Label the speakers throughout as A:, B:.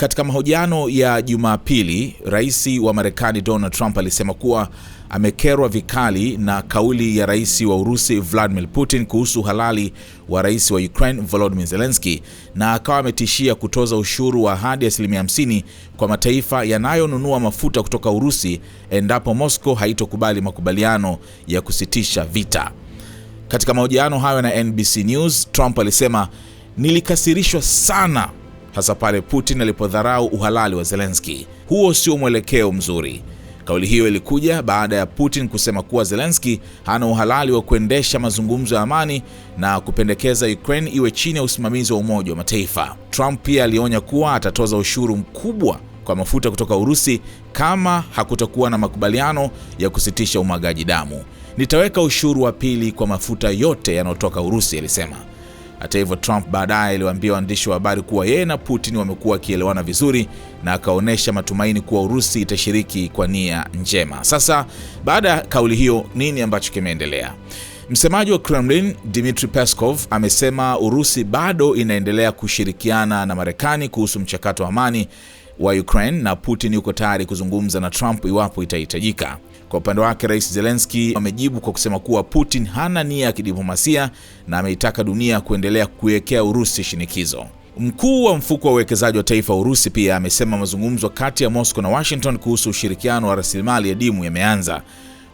A: Katika mahojiano ya Jumapili, rais wa Marekani Donald Trump alisema kuwa amekerwa vikali na kauli ya rais wa Urusi Vladimir Putin kuhusu uhalali wa rais wa Ukraine Volodymyr Zelensky, na akawa ametishia kutoza ushuru wa hadi asilimia 50 kwa mataifa yanayonunua mafuta kutoka Urusi endapo Moscow haitokubali makubaliano ya kusitisha vita. Katika mahojiano hayo na NBC News, Trump alisema, nilikasirishwa sana hasa pale Putin alipodharau uhalali wa Zelensky. Huo sio mwelekeo mzuri. Kauli hiyo ilikuja baada ya Putin kusema kuwa Zelensky hana uhalali wa kuendesha mazungumzo ya amani na kupendekeza Ukraine iwe chini ya usimamizi wa Umoja wa Mataifa. Trump pia alionya kuwa atatoza ushuru mkubwa kwa mafuta kutoka Urusi kama hakutakuwa na makubaliano ya kusitisha umwagaji damu. Nitaweka ushuru wa pili kwa mafuta yote yanayotoka Urusi, alisema. Hata hivyo, Trump baadaye aliwaambia waandishi wa habari kuwa yeye na Putin wamekuwa wakielewana vizuri na akaonyesha matumaini kuwa Urusi itashiriki kwa nia njema. Sasa baada ya kauli hiyo, nini ambacho kimeendelea? Msemaji wa Kremlin Dmitry Peskov amesema Urusi bado inaendelea kushirikiana na Marekani kuhusu mchakato wa amani wa Ukraine na Putin yuko tayari kuzungumza na Trump iwapo itahitajika. Kwa upande wake, Rais Zelensky amejibu kwa kusema kuwa Putin hana nia ya kidiplomasia na ameitaka dunia kuendelea kuiwekea Urusi shinikizo. Mkuu wa mfuko wa uwekezaji wa taifa Urusi pia amesema mazungumzo kati ya Moscow na Washington kuhusu ushirikiano wa rasilimali adimu yameanza.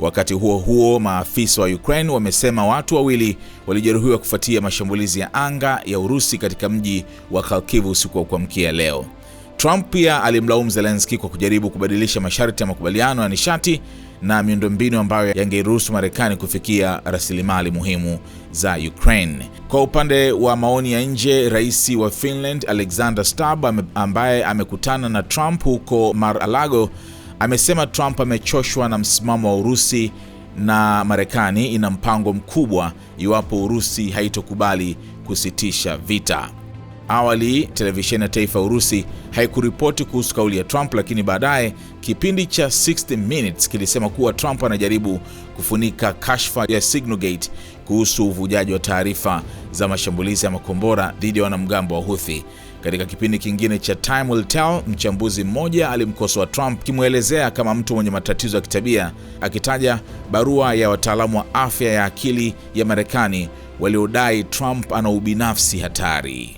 A: Wakati huo huo, maafisa wa Ukraine wamesema watu wawili walijeruhiwa kufuatia mashambulizi ya anga ya Urusi katika mji wa Kharkiv usiku wa kuamkia leo. Trump pia alimlaumu Zelensky kwa kujaribu kubadilisha masharti ya makubaliano ya nishati na miundombinu ambayo yangeruhusu Marekani kufikia rasilimali muhimu za Ukraine. Kwa upande wa maoni ya nje, rais wa Finland Alexander Stubb ambaye amekutana na Trump huko Mar-a-Lago amesema Trump amechoshwa na msimamo wa Urusi na Marekani ina mpango mkubwa iwapo Urusi haitokubali kusitisha vita. Awali televisheni ya taifa Urusi haikuripoti kuhusu kauli ya Trump, lakini baadaye kipindi cha 60 Minutes kilisema kuwa Trump anajaribu kufunika kashfa ya Signalgate kuhusu uvujaji wa taarifa za mashambulizi ya makombora dhidi ya wanamgambo wa Houthi. Katika kipindi kingine cha Time Will Tell, mchambuzi mmoja alimkosoa Trump akimwelezea kama mtu mwenye matatizo ya kitabia, akitaja barua ya wataalamu wa afya ya akili ya Marekani waliodai Trump ana ubinafsi hatari.